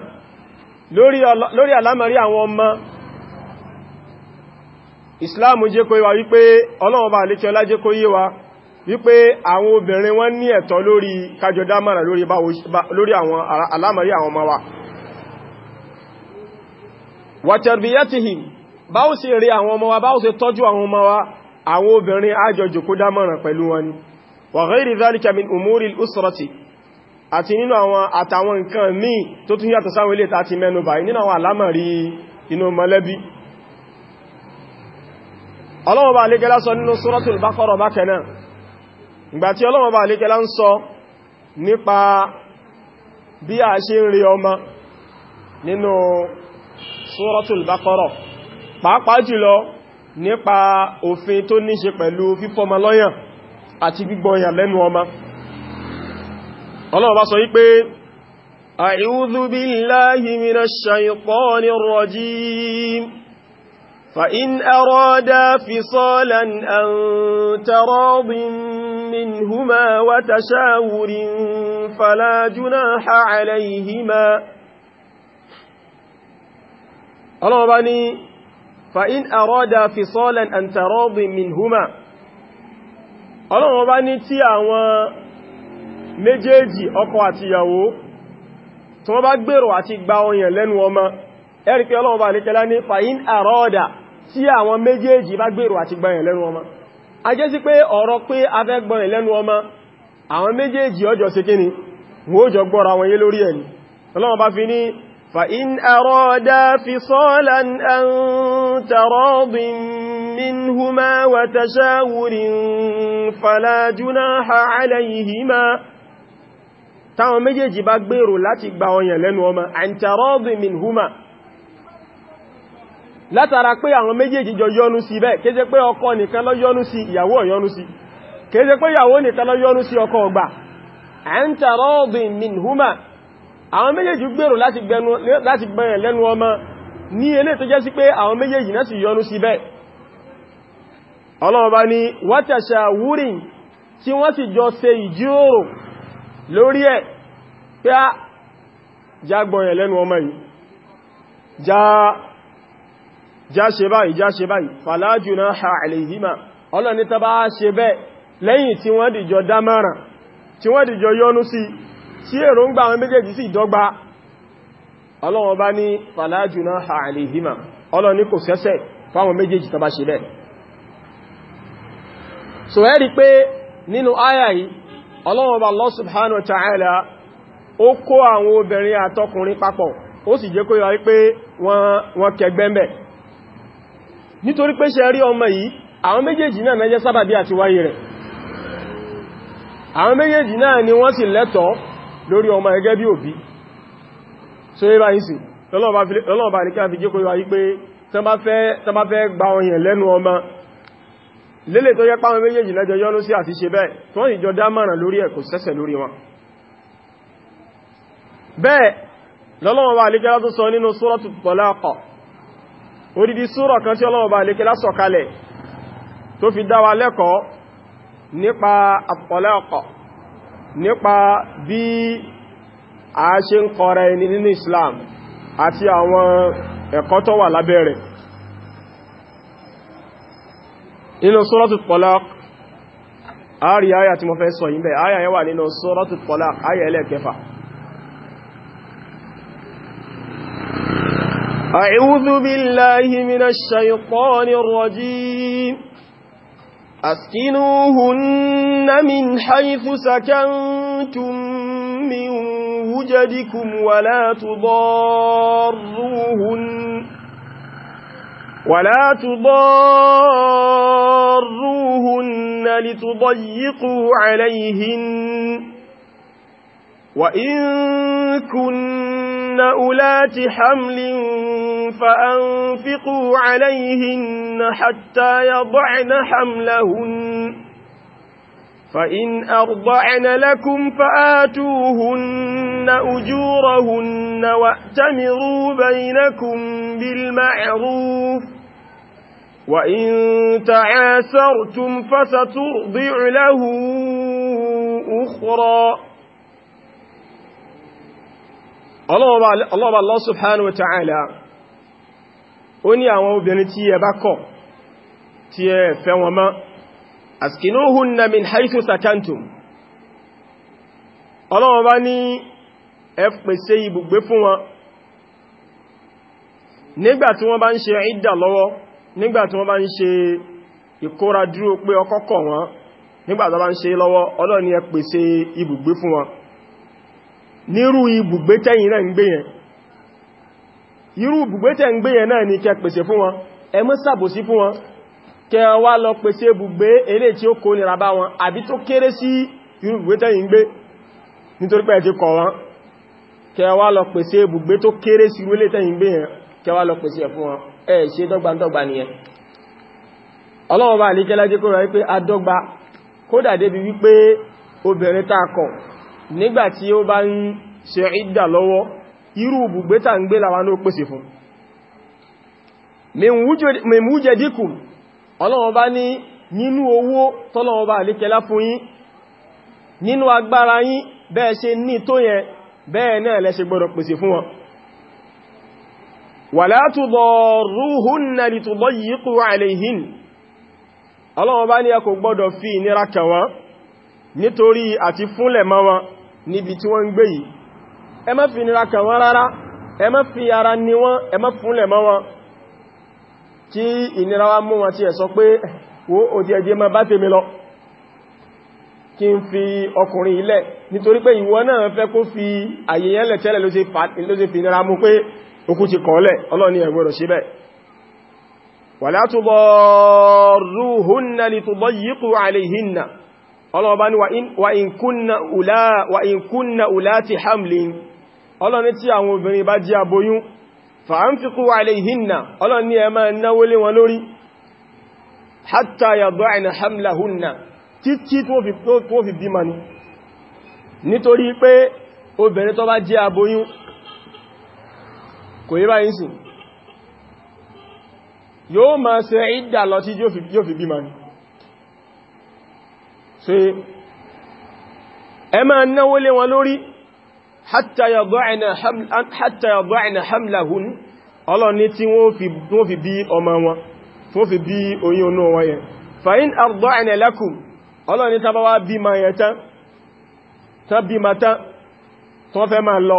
lórí àlámọ̀rí àwọn ọmọ islam jẹ́ kó yé wa wípé ọlọ́run bá lékẹ́ ọlá jẹ́ kó yé wa wípé àwọn obìnrin wọ́n ní ẹ̀tọ́ lórí kájọ dámàrà lórí àwọn àlámọ̀rí àwọn ọmọ wa wàtẹ̀rbíyàtìhìm báwo ṣe rí àwọn ọmọ wa báwo ṣe tọ́jú àwọn ọmọ wa àwọn àti nínú àwọn àtàwọn nǹkan míì tó tún yàtọ̀ sáwọn ilé tàà ti mẹ́nubà nínú àwọn àlámọ̀rí inú mọ̀lẹ́bí ọlọ́wọ́ba alékẹ́lá sọ nínú Suratul Baqara bákanáà ìgbàtí ọlọ́wọ́ba alékẹ́lá ń sọ nípa bí a ṣe ń rí ọmọ nínú Suratul Baqara pàápàá jùlọ nípa ọlọ́wọ́ bá sọ wípé a'udhu billahi minash shaytanir rajim فإن أرادا فصالا أن تراض منهما وتشاور فلا جناح عليهما الله بني فإن أرادا فصالا أن تراض منهما الله بني تي méjèèjì ọkọ àti ìyàwó tí wọ́n bá gbèrò àti gba ọyàn lẹ́nu ọmọ ẹ̀rí pé ọlọ́run bá lékẹ́lá ní fàyín àrọ́ọ̀dà tí àwọn méjèèjì bá gbèrò àti gba ọyàn lẹ́nu ọmọ a jẹ́ sí pé ọ̀rọ̀ pé afẹ́ gbọ́yàn lẹ́nu ọmọ منهما وتشاور فلا جناح عليهما táwọn méjèèjì bá gbèrò láti gba ọyàn lẹ́nu ọmọ àìntàrọ́dù min huma látara pé àwọn méjèèjì jọ yọnu sí bẹ́ẹ̀ kéje pé ọkọ nìkan lọ yọnu sí ìyàwó ọ̀yọnu sí kéje pé ìyàwó nìkan lọ yọnu sí ọkọ ọgbà àìntàrọ́dù min huma àwọn méjèèjì gbèrò láti gbẹ̀yàn lẹ́nu ọmọ ní elé tó jẹ́ sí pé àwọn méjèèjì náà sì lórí ẹ̀ pé á já gbọ́nyẹ̀ lẹ́nu ọmọ yìí já ṣe báyìí já ṣe báyìí fala junaha alayhima ọlọ́ni tó bá ṣe bẹ́ẹ̀ lẹ́yìn tí wọ́n dìjọ dámọ̀ràn tí wọ́n dìjọ yọnú sí tí èròǹgbà àwọn méjèèjì sì dọ́gba ọlọ́wọ́n bá ní fala so ẹ́ rí pé nínú áyà Ọlọ́run Ọba Allah subhanahu wa ta'ala ó kó àwọn obìnrin àtọkùnrin papọ̀ ó sì jẹ́ kó yọ wípé wọ́n kẹgbẹ́mbẹ̀ nítorí pé ṣe rí ọmọ yìí àwọn méjèèjì náà mẹ́jẹ́ sábàbí àti wáyé rẹ̀ àwọn méjèèjì náà ni wọ́n sì lẹ́tọ̀ọ́ lórí ọmọ ẹgẹ́ bí òbí so yẹ́ bá yìí sí lọ́lọ́ọ̀bá ní kí a fi jẹ́ kó yọ wípé tán bá fẹ́ gba ọyàn lẹ́nu ọmọ lélè tó yẹ páwọn méjèèjì lẹ́jọ yọ́nú sí àti ṣe bẹ́ẹ̀ tó wọ́n ìjọ dámọ̀ràn lórí ẹ̀ kò sẹ́sẹ̀ lórí wọn bẹ́ẹ̀ lọ́lọ́wọ́ bá alékẹ́lá tó sọ nínú sóràtù tọ́láàkọ̀ odidi sórà kan tí ọlọ́wọ́ bá alékẹ́lá sọ kalẹ̀ tó fi dá wa lẹ́kọ̀ọ́ nípa àtọ́láàkọ̀ nípa bí a ṣe ń kọra ẹni nínú Islam àti àwọn ẹ̀kọ́ tó wà lábẹ́ rẹ̀ nínú suratul talaq àárí àyà tí mo fẹ́ sọ yìí bẹ̀ àyà yẹn wà nínú suratul talaq àyà ẹlẹ́ẹ̀kẹfà أعوذ بالله من الشيطان الرجيم أسكنوهن من حيث سكنتم من وجدكم ولا تضاروهن ولا تضاروهن لتضيقوا عليهن وإن كن أولات حمل فأنفقوا عليهن حتى يضعن حملهن فإن أرضعن لكم فآتوهن أجورهن وأتمروا بينكم بالمعروف وإن تعاسرتم فسترضع له أخرى الله الله سبحانه وتعالى ó ní àwọn obìnrin tí ẹ bá kọ̀ tí ẹ fẹ́ wọn mọ́ askinuhunna min haythu sakantum ọlọ́wọ́ bá ní ẹ pèsè ibùgbé fún wọn nígbà tí wọ́n bá ń ṣe ìdà lọ́wọ́ nígbàtí wọ́n bá ń ṣe ìkóra dúró pé ọkọ́ kọ̀ wọ́n nígbàtí wọ́n bá ń ṣe lọ́wọ́ ọlọ́ni ẹ pèsè ibùgbé fún wọn nírú ibùgbé tẹ́yìn náà ń gbé yẹn irú ibùgbé tẹ́ ń gbé yẹn náà ni kẹ pèsè fún wọn ẹ má ṣàbòsí fún wọn kẹ wá lọ pèsè ibùgbé elé tí ó kó nira bá wọn àbí tó kéré sí irú ibùgbé tẹ́yìn gbé nítorí pé ti kọ̀ wọ́n kẹ wá lọ pèsè ibùgbé tó kéré sí irú elé tẹ́yìn gbé yẹn kẹwàá lọ pèsè ẹ̀ fún wọn ẹ̀ ṣe dọ́gbandọ́gba nìyẹn ọlọ́wọ́ bá àlékẹ́ lájẹ́ kó rọ wípé adọ́gba kódà débi wípé obìnrin tá kọ̀ nígbàtí ó bá ń ṣe ìdà lọ́wọ́ irú ibùgbé tá ń gbé làwọn ló pèsè fún mẹ́mújẹ díkù ọlọ́wọ́ bá ní nínú owó tọ́lọ́wọ́ bá àlékẹ́ lá fún yín nínú agbára yín bẹ́ẹ̀ ṣe náà pèsè fún wala tudarruhunna litudayyiqu alayhin ọlọ́wọ́n bá ní ẹ kò gbọ́dọ̀ fi ìnira kàn wọ́n nítorí àti fúnlẹ̀ mọ́ wọn níbi tí wọ́n ń gbé yìí ẹ má fi ìnira kàn wọ́n rárá ẹ má fi ara ní wọ́n ẹ má fúnlẹ̀ mọ́ wọn kí ìnira wá mú wọn tí ẹ sọ pé wo òdí ẹjẹ́ má bá tèmi lọ kí n fi ọkùnrin ilẹ̀ nítorí pé ìwọ náà fẹ́ kó fi àyè tẹ́lẹ̀ ló ṣe fi ìnira mú pé okú ti kọ́ọ̀lẹ̀ ọlọ́ni ẹ̀gbọ́dọ̀ ṣe bẹ́ẹ̀ wala tudarruhunna litudayyiqu alayhinna ọlọ́ọ̀bá ní wa in kunna ulati hamlin ọlọ́ni tí àwọn obìnrin bá jẹ́ aboyún fa'anfiqu alayhinna ọlọ́ni ẹ máa náwó lé wọn lórí hatta yada'na hamlahunna títí tó fi bímọ ni nítorí pé obìnrin tó bá jẹ́ aboyún kò yí báyìí sí yóò máa ṣe ìdà lọ tí yóò fi bímọ ní ṣe ẹ máa náwó lé wọn lórí hatta yada'na hamlahun ọlọ́ni tí wọ́n fi bí ọmọ wọn wọ́n fi bí oyún inú wọn yẹn fa'in arda'na lakum ọlọ́ni tàbá ma yẹn tán tán ma tán tán fẹ́ máa lọ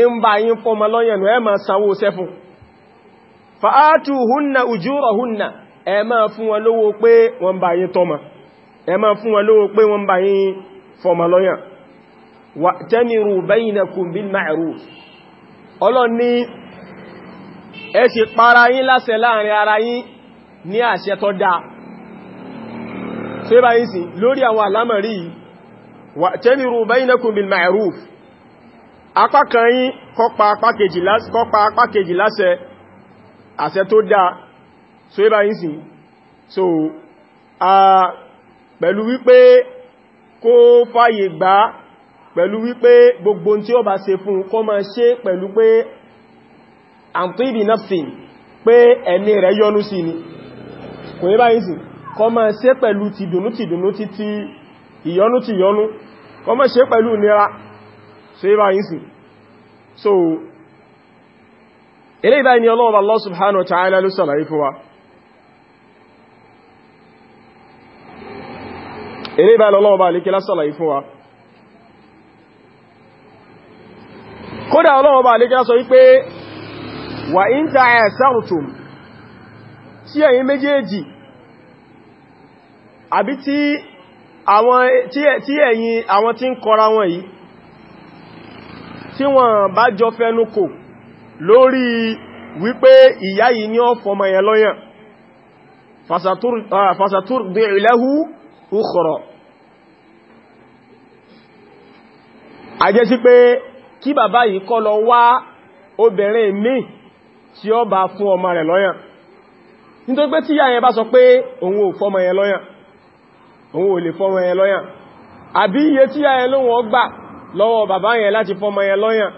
in ba yin fọmọ lọ́yẹ̀nù ẹ máa sanwó sẹ́fún fa'átù húnna ujúrọ̀ húnna ẹ máa fún wọn lówó pé wọ́n bá yin tọ́mọ ẹ máa fún wọn lówó pé wọ́n bá yin fọmọ lọ́yẹ̀n wà tẹ́mìrù bainakum bil ma'ruf ọlọ́ni ẹ sì para yín láṣẹ láàrin ara yín ní apá kan yín kó pa apá kejì láṣẹ àṣẹ tó dáa so ibá yín sí so a pẹ̀lú wípé kó fàyè gbà pẹ̀lú wípé gbogbo tí ó bá ṣe fún kó máa ṣe pẹ̀lú pé àǹtíbi nafsin pé ẹ̀mí rẹ̀ yọ́nú sí ni kò yẹ báyìí sí kó máa ṣe pẹ̀lú tìdùnú tìdùnú títí ìyọ́nú tìyọ́nú kó máa ṣe pẹ̀lú nira so yíba yìí sí so ilé ìbá ni ọlọ́ọ̀bá Allah subhanahu wa ta'ala ló sàlàyé fún wa ilé ìbá ni ọlọ́ọ̀bá alékẹ́lá sàlàyé fún wa kódà ọlọ́ọ̀bá alékẹ́lá sọ wípé wà in ta'asartum tí ẹ̀yin méjèèjì àbí tí àwọn tí ẹ̀yin àwọn tí ń kọra wọn yìí tí wọ́n bá jọ fẹnukò lórí wípé ìyá yìí ní ọ̀fọ́mọ yẹn lọ́yàn fasatur bí ah, ìlẹ́hú ukhra a jẹ́ sí pé kí bàbá yìí kọ́ lọ wá obìnrin míì tí ó bá fún ọmọ rẹ̀ lọ́yàn nítorí pé tí ìyá yẹn bá sọ pé òun ò fọ́mọ yẹn lọ́yàn àbí iye tí ìyá yẹn lóhun ọgbà lọ́wọ́ bàbá yẹn láti fọ́mọ yẹn lọ́yàn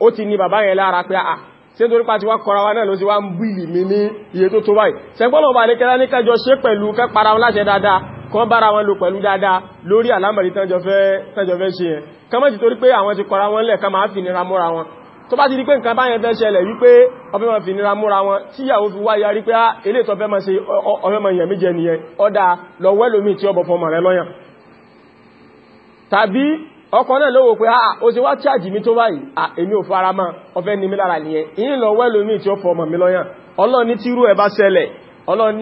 ó ti ní bàbá yẹn lára pé àà tí ó torí pàtí wá kọra wa náà ló sí wá ń bílì mi ní iye tó tó báyìí sẹ́gbọ́nà bá lè kẹ́lá ní kẹjọ ṣe pẹ̀lú kẹ́pàra wọn láṣẹ dáadáa kan bára wọn lò pẹ̀lú dáadáa lórí àlámọ̀rí tẹ́jọ fẹ́ ṣe yẹn kọ́mọ̀ ti torí pé àwọn ti kọra wọn lẹ̀ ká máa fìnira múra wọn tó bá ti di pé nǹkan fẹ́ ah, ṣe tàbí ọkọ̀ náà lówó pé ah o ti wá chájì mi tó báyìí ah èmi ò fara mọ́ ọfẹ́ ní mi lára nìyẹn ìyìn lọ wẹ́lómi tí ó fọ ọmọ mi lọ́yàn ọlọ́run ní tírú ẹ̀ bá ṣẹlẹ̀ ọlọ́run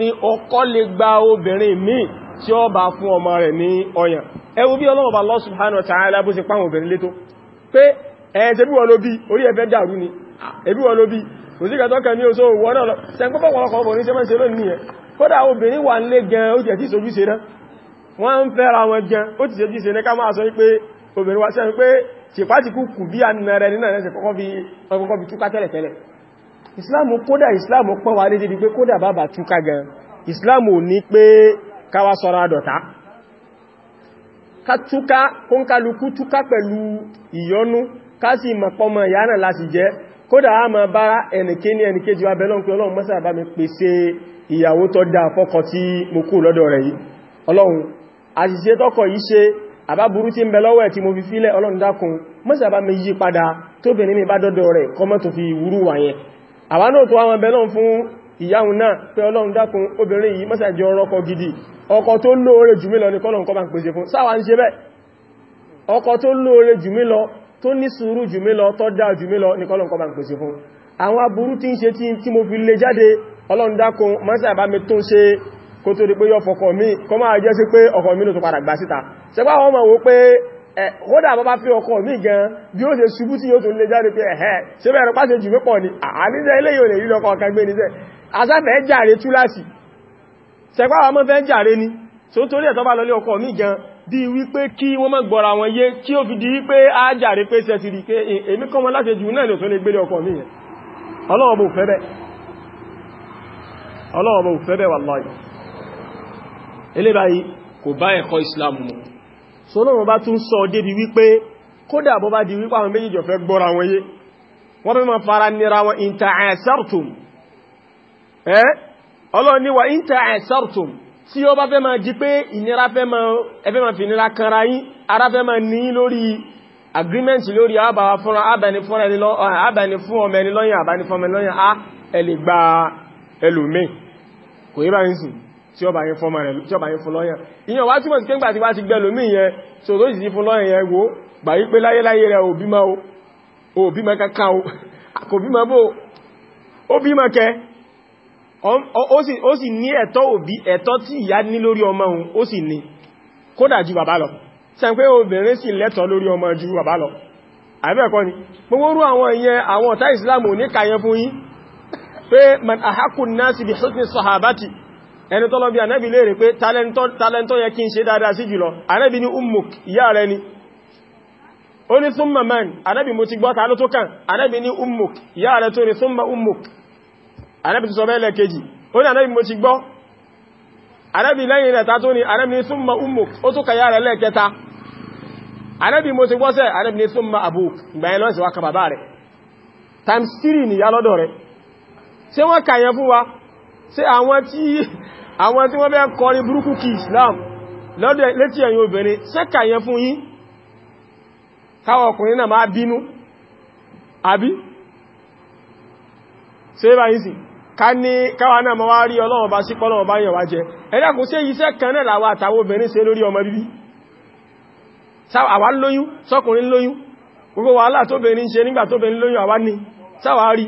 lè gba obìnrin míì tí ó bá fún ọmọ rẹ̀ ní ọyàn ẹ bí ọlọ́run bá Allah subhanahu wa ta'ala bó ṣe pàwọn obìnrin létó pé ẹ̀ẹ́ tẹ́bí wọn ló bí orí ẹ̀fẹ́ dàrú ni ẹ̀bí ah, wọn ló bí kò sí kẹtọ́ kẹ ní oṣó wọn náà lọ sẹ́ńkọ́pọ̀ ọ̀pọ̀lọpọ̀ obìnrin wọ́n ń fẹ́ra wọn gan ó ti ṣe jí ṣe ní ká máa sọ wípé obìnrin wa sẹ́rin pé ṣèpátikú kù bí ànà rẹ̀ nínú ẹ̀rẹ́sẹ̀ kọ́kọ́ fi túká tẹ́lẹ̀tẹ́lẹ̀ islam kódà islam pọ́n wa léde pé kódà bàbá túká gan islam ò ní pé káwa sọ́ra dọ̀ta ká túká kó ń kálukú túká pẹ̀lú ìyọnú ká sì mọ̀pọ̀mọ̀ ọlọ́run àṣìṣe tọ́kọ yìí ṣe àbábúrú tí ń bẹ lọ́wọ́ ẹ̀ tí mo fi fílẹ̀ Ọlọ́run dákun mọ́sà bá mi yí padà tó bẹ̀rẹ̀ mi bá dọ́dọ̀ rẹ̀ kọmọ́ tó fi wúrú wà yẹn àwa náà tó àwọn bẹ̀lọ́n fún ìyáhùn náà pé Ọlọ́run dákun obìnrin yìí mọ́sà jẹ́ ọrọ́kọ gidi aburú tí ń ṣe tí mo fi lè jáde Ọlọ́run dákun mọ́sà bá mi ṣe kó tó di pé yọ fọkọ̀ mi kọ máa jẹ́ sí pé ọkọ̀ mi ló tó padà gbà síta ṣẹgbà wọn mọ̀ wó pé kódà bàbá fi ọkọ̀ mi gan bí ó ṣe ṣubú tí yóò tó lè jáde pé ẹ̀hẹ́ ṣe bẹ̀rẹ̀ pàṣẹ jù mí pọ̀ ni àníjẹ́ ilé yóò lè rí lọ́kọ̀ kan gbé níṣẹ́ asáfẹ́ jàre túláàsì ṣẹgbà wọn mọ́ fẹ́ jàre ni tó torí ẹ̀ tó bá lọlé ọkọ̀ mi gan bí wípé kí wọ́n mọ́ gbọ́ra wọn yé kí ó fi di wípé á jàre pé ṣe ti rí pé èmi kọ́ wọn láṣẹ jù náà lè tó lè gbélé ọkọ̀ mi yẹn ọlọ́wọ́ bó fẹ́ bẹ́ wallahi eléyìí kò bá ẹ̀kọ́ Islamu. mu so lọ́wọ́ bá tún sọ débi wípé kódà bọ́ bá di wípé àwọn méjì jọ fẹ́ gbọ́ra wọn yé wọ́n fẹ́ ma fara nira wọn in ta'asartum ẹ́ ọlọ́run ni wà in ta'asartum tí ó bá fẹ́ ma jí pé ìnira fẹ́ ma fi nira kanra yín ara fẹ́ ma ní lórí agreement lórí ah, àbáwá fúnra ah, àbẹni ah, fún ọmọ ẹni lọ́yìn àbáni fún ọmọ ẹni lọ́yìn á ẹlẹ́gbà ẹlòmí kò yí bá ń sìn tí ó bá yín fọ́mọ̀ rẹ̀ tí ó bá yín fún lọ́yẹ̀ ìyẹn wá túnmọ̀ sí pé nígbàtí wá ti gbẹ́ lómi yẹn so tó sì fún lọ́yẹ̀ yẹn wo gbà yí pé láyéláyé rẹ̀ ò bímọ o ò bímọ kankan o (laughs) kò bímọ bó ó bímọ kẹ ó sì ní ẹ̀tọ́ òbí ẹ̀tọ́ tí ìyá ní lórí ọmọ òun ó sì ní kódà ju bàbá lọ sẹ́n pé obìnrin sì lẹ́tọ̀ọ́ àbẹ́ẹ̀kọ́ ni gbogbo orú àwọn ìyẹn àwọn ọ̀tá ìsìlámù ní kàyẹ fún yín (laughs) pé man ahakun nasi bi husni sahabati ẹni tọ́lọ bí anẹ́bì lè rí pé talento yẹ kí n ṣe dáadáa sí jùlọ anẹ́bì ní ummuk ìyá rẹ ni ó ní súnmà man anẹ́bì mo ti gbọ́ ta ló tó kàn anẹ́bì ní ummuk ìyá rẹ tó ní súnmà ummuk anẹ́bì tó sọ mẹ́lẹ̀ kejì ó ní anẹ́bì mo ti gbọ́ anẹ́bì lẹ́yìn rẹ̀ ta tó ní anẹ́bì ní súnmà ummuk ó tó kàyà rẹ̀ lẹ́ẹ̀kẹta anẹ́bì mo ti gbọ́ sẹ́ anẹ́bì ní súnmà abuk gbẹ̀yìn lọ́sẹ̀ wa rẹ̀ times 3 ni yá lọ́dọ̀ rẹ̀ ṣé wọ́n kàyẹ fún wa ṣe àwọn tí àwọn tí wọ́n bẹ́ kọrin burúkú kí Islam lọ́dọ̀ létí ẹ̀yin obìnrin ṣẹ́kà yẹn fún yín káwọn ọkùnrin náà máa bínú àbí ṣe bá yìí sí ká ní káwà náà ma wá rí ọlọ́run bá sí pọ́lọ́run bá yẹ̀wà jẹ ẹ̀dàkùn sí iṣẹ́ kan náà làwọn àtàwọn obìnrin ṣe lórí ọmọ bíbí àwa lóyún sọ́kùnrin lóyún gbogbo wàhálà tóbìnrin ṣe nígbà tóbìnrin lóyún àwa ní sáwà rí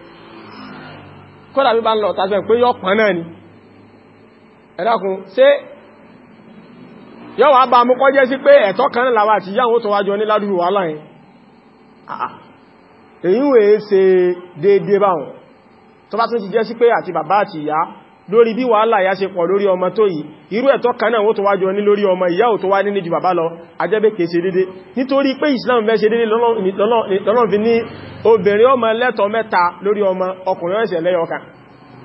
kọ́dà bí bá ń lọ tàbí pé yọ pọ̀ náà ni ẹ̀dàkùn ṣe yọ wà bá mú kọjẹ́ sí pé ẹ̀tọ́ kan náà làwà àti yáwọn tó wájọ ní ládùrù wà láyìn lórí bí wàhálà ya ṣe pọ̀ lórí ọmọ tó yìí irú ẹ̀tọ́ kan náà wó tó wájú ní lórí ọmọ ìyá ò tó wá ní ju bàbá lọ ajẹ́bẹ̀ kèsè dédé nítorí pé Islam fẹ́ ṣe dédé lọ́nà fi ní ọmọ lẹ́tọ̀ mẹ́ta lori ọmọ ọkùnrin ẹ̀ṣẹ̀ lẹ́yọkan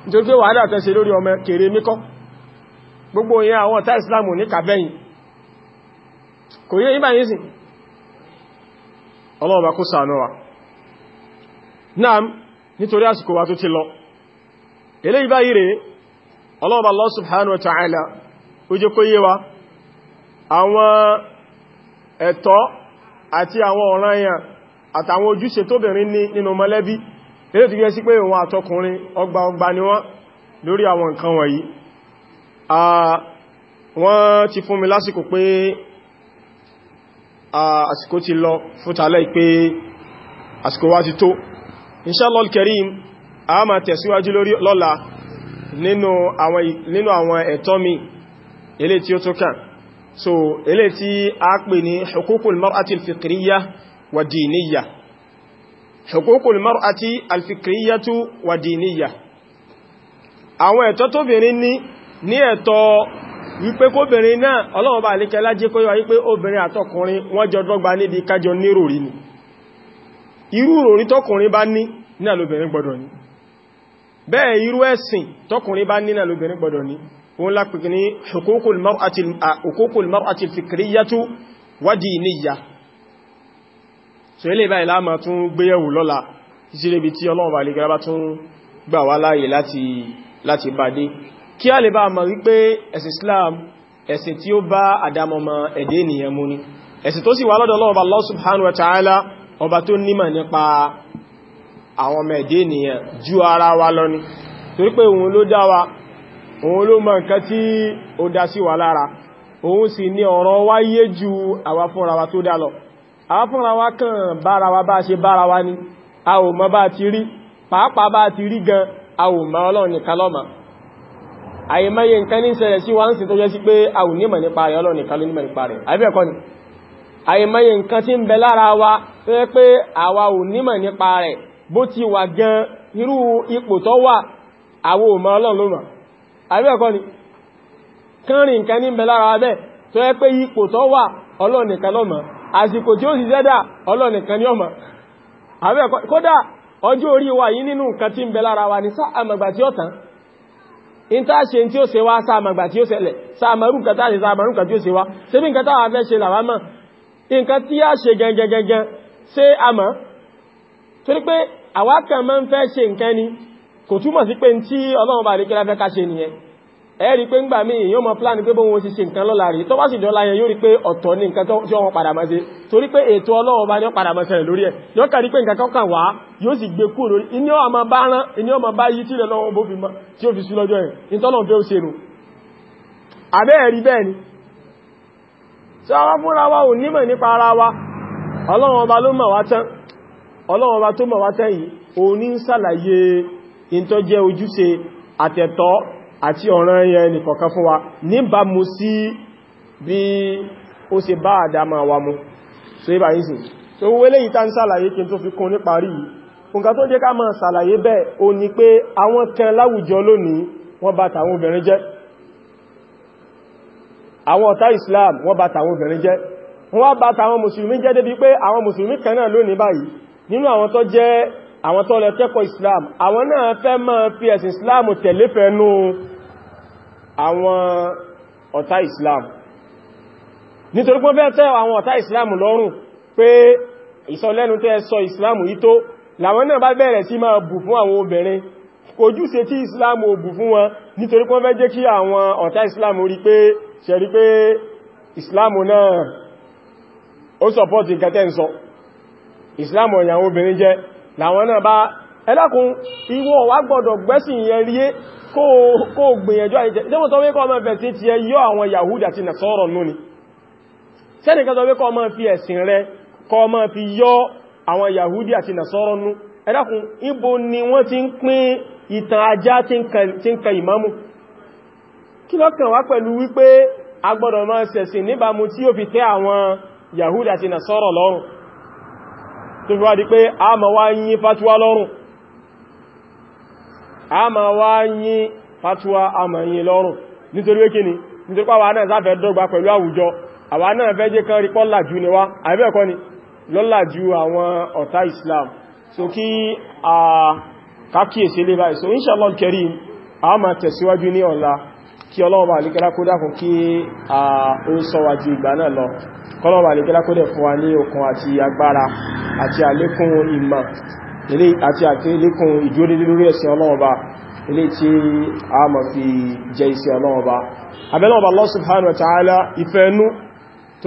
nítorí pé wàhálà tẹ́ ọmọ kere mikọ gbogbo Islam ní kàbẹ́yìn wa rèé ọlọ́ọ̀bà Allah subhanahu wa ta'ala ó jẹ́ kó yé wa àwọn ẹ̀tọ́ àti àwọn ọ̀ranyàn àtàwọn ojúṣe tóbìnrin ní nínú mọ́lẹ́bí lérò tí gẹ́ sí pé wọn àtọkùnrin ọgbà ọgbà ni wọ́n lórí àwọn nǹkan wọ̀nyí inshallah al-karim a máa tẹ̀síwájú lórí lọ́la nínú àwọn ẹ̀tọ́ mi ilé tí ó tó kàn so ilé tí a pè ní hukukul mar'ati alfikiriya wa diniya hukukul mar'ati alfikiriya tu wa diniya àwọn ẹ̀tọ́ tóbìnrin ní ní ẹ̀tọ́ wípé kóbìnrin náà Ọlọ́run bá àlékẹ́ lájé kó yọ wípé obìnrin àtọkùnrin wọ́n jọ dọ́gba níbi kájọ níròrí ni irú ròrí tọkùnrin bá ní ní àlóbìnrin gbọdọ̀ ni bẹ́ẹ̀ irú ẹ̀sìn tọkùnrin bá nínà lóbìnrin gbọdọ̀ ní wọ́n lápìkì ní hukukul mar'atil fikriyatu wa diniyya so ilé báyìí láàmà tún gbéyẹ̀wò lọ́la ìsìrèbí tí ọlọ́ọ̀bà lè gẹ́rẹ́ bá tún gbà wá láàyè láti bàdé kí a lè bá mọ̀ wípé ẹ̀sìn Islam tí ó bá àdámọ́mọ́ ẹ̀dẹ́ ènìyàn mú ni ẹ̀sìn tó sì wà lọ́dọ̀ ọlọ́ọ̀bà Allah subhanahu wa ta'ala ọba tó nímọ̀ nípa àwọn mẹ̀dé ènìyàn ju ara wa lọ ni torí pé òun ló dá wa òun ló mọ nǹkan tí ó dá sí wa lára òun sì ní ọ̀rọ̀ wa yé ju àwa fúnra wa tó dá lọ àwa fúnra wa kàn bára wa bá ṣe bára wa ni a ò mọ bá ti rí pàápàá bá ti rí gan a ò mọ ọlọ́run nìkan lọ́mọ àyèmáyé nǹkan ní ìṣẹ̀lẹ̀ sí wa sì tó jẹ́ sí pé a ò nímọ̀ nípa rẹ̀ ọlọ́run nìkan ló nímọ̀ nípa rẹ̀ àbẹ́ẹ̀kọ́ ni àyèmáyé nǹkan tí ń bẹ lára wa tó jẹ́ pé àwa ò nímọ̀ nípa rẹ̀ bó ti wà gan irú ipò tó wà àwọn òmọ ọlọ́run ló mọ̀ àbẹ́ẹ̀kọ́ ni kánrin nǹkan ní mẹ́lára abẹ́ tó yẹ pé ipò tó wà ọlọ́run nìkan ló àsìkò tí ó sì zẹ́dà ọlọ́run nìkan ni ó mọ̀ àbẹ́ẹ̀kọ́ kódà ọjọ́ orí wa yìí nínú nǹkan tí ń bẹ lára wa ní sáàmàgbà tí ó tán in tá ṣe tí ó ṣe wá sáàmàgbà tí ó ṣẹlẹ̀ sáàmàrú nǹkan tí ó ṣe wá torí pé àwákà máa ń fẹ́ ṣe nǹkan ni kò túmọ̀ sí pé tí ọlọ́run bá àríkẹ́lá fẹ́ ká ṣe nìyẹn plan pé bóun ti ṣe nǹkan lọ́la rí tó bá sì dọ́la yẹn yóò rí pé ọ̀tọ̀ ní nǹkan tí wọ́n padà máa ṣe torí pé ètò ọlọ́run bá ní padà máa ṣẹlẹ̀ lórí ẹ̀ yóò kàrí pé nǹkan kan wá yóò sì gbé kúrò lórí iní ọ̀ bá rán iní ọ̀ bá yí tílẹ̀ ni tí wọ́n fúnra wa ò nímọ̀ nípa ara wa ọlọ́run bá tó mọ̀ wá tẹ́yìn òun ní sàlàyé ìntọ́ jẹ́ ojúṣe àtẹ̀tọ́ àti ọ̀ràn ẹyẹ nìkọ̀ọ̀kan fún wa níbàmú sí bí ó ṣe bá àdámà wa mú so ibà yìí sìn so wélé yìí tá ń sàlàyé kí n tó fi kún ní parí yìí nǹkan wọ́n bà tàwọn obìnrin jẹ́ Islam wọ́n bà tàwọn obìnrin jẹ́ wọ́n bà tàwọn mùsùlùmí jẹ́ débi pé àwọn mùsùlùmí kan náà lónìí báyìí nínú àwọn tó jẹ́ àwọn tó lọ kẹ́kọ̀ọ́ islam àwọn náà fẹ́ máa fi ẹ̀sìn islam tẹ̀lé fẹ́nú àwọn ọ̀tá islam nítorí pé bẹ́ẹ̀ tẹ́ àwọn ọ̀tá islam lọ́rùn pé ìsọlẹ́nu tẹ́ sọ islam yìí tó làwọn náà bá bẹ̀rẹ̀ sí máa bù fún àwọn obìnrin ojúṣe tí islam ò bù fún wọn nítorí pé fẹ́ jẹ́ kí àwọn ọ̀tá islam rí pé ṣẹ̀rí pé islam náà ó sọpọ́tì ìkẹtẹ́ ń sọ islam ọ̀yàwó obìnrin jẹ́ làwọn náà bá ẹlẹ́kùn ìwọ wá gbọ́dọ̀ gbẹ́sìn yẹn rí kó gbìyànjú àìjẹ́ ìjẹ́mọ̀ sọ wíkọ́ ọmọ ẹ̀fẹ̀sìn ti ẹ yọ Yahudi àti Nasọ́rọ̀ nú ni sẹ́nìkan sọ wíkọ́ ọmọ fi ẹ̀sìn yọ àwọn Yahudi àti Nasọ́rọ̀ nú ẹlẹ́kùn ni wọ́n ti ń pín ìtàn ajá tí ń kẹ ìmámù kí lọ́kàn wá pẹ̀lú wípé a gbọ́dọ̀ Yahudi àti Nasọ́rọ̀ lọ́rùn tó fi wá di pé a ma wá yí fatuwa lọ́rùn a ma wá yí fatuwa a ma yí lọ́rùn nítorí wé kíni nítorí pàwà náà sáfẹ́ dọ́gba pẹ̀lú àwùjọ àwa náà fẹ́ jẹ́ kan rí pọ́lájú ni wá àbẹ́ẹ̀kọ́ ni àwọn ọ̀tá Islam so kí a kí ọlọ́ọ̀bà alìkẹ́lá kó kí a ó sọ́wájú ìgbà náà lọ kọlọ́ọ̀bà alìkẹ́lá kó dẹ̀ fún wa ní okun àti agbára àti àlékún ìmọ̀ ilé àti àlékún ìdúródé lórí ẹ̀sìn ọlọ́ọ̀bà ilé tí a mọ̀ fi jẹ́ iṣẹ́ ọlọ́ọ̀bà abẹ́lọ́ọ̀bà Allah subhanahu wa ta'ala ìfẹ́nú tó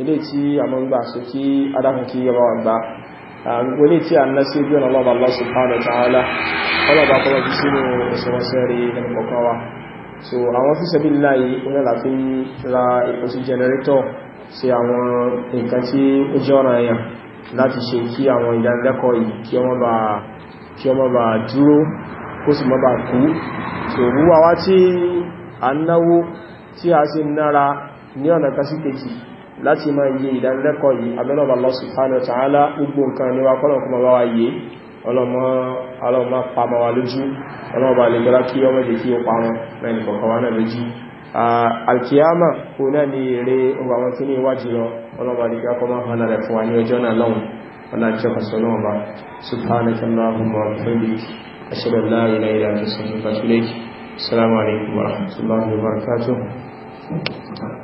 ilé tí a mọ́ ń gbà sí kí adáhùn kí yọ wọn gbà gbogbo ilé tí a ń lásí bí ọ̀nà lọ́bàá lọ́sù pàánà tààlà ọlọ́bà kọlọ̀ ti sínú ìṣẹ́wọ́sẹ́ so àwọn fíṣẹ́ bí láyé oní àlàfí ra èkó sí jẹnẹrétọ̀ sí àwọn nǹkan tí ó jẹ́ ọ̀nà èèyàn láti ṣe kí àwọn ìdánilẹ́kọ̀ọ́ yìí kí ọmọ bá dúró kó sì so wúwa wá tí a náwó tí a sì nára ní ọ̀nà kan láti máa yí ìdánilẹ́kọ̀ọ́ yìí abẹ́lọ́bà Allah subhanahu wa ta'ala gbogbo nǹkan ni wa kọ́lọ̀ kọmọ bá wá yé ọlọ́mọ pàmà wà lójú ọlọ́mọba lè gbọ́lá kí ọmọ jẹ́ kí ó parun mẹ́rin kọ̀kọ̀wà náà lójú alkiyama kò náà ni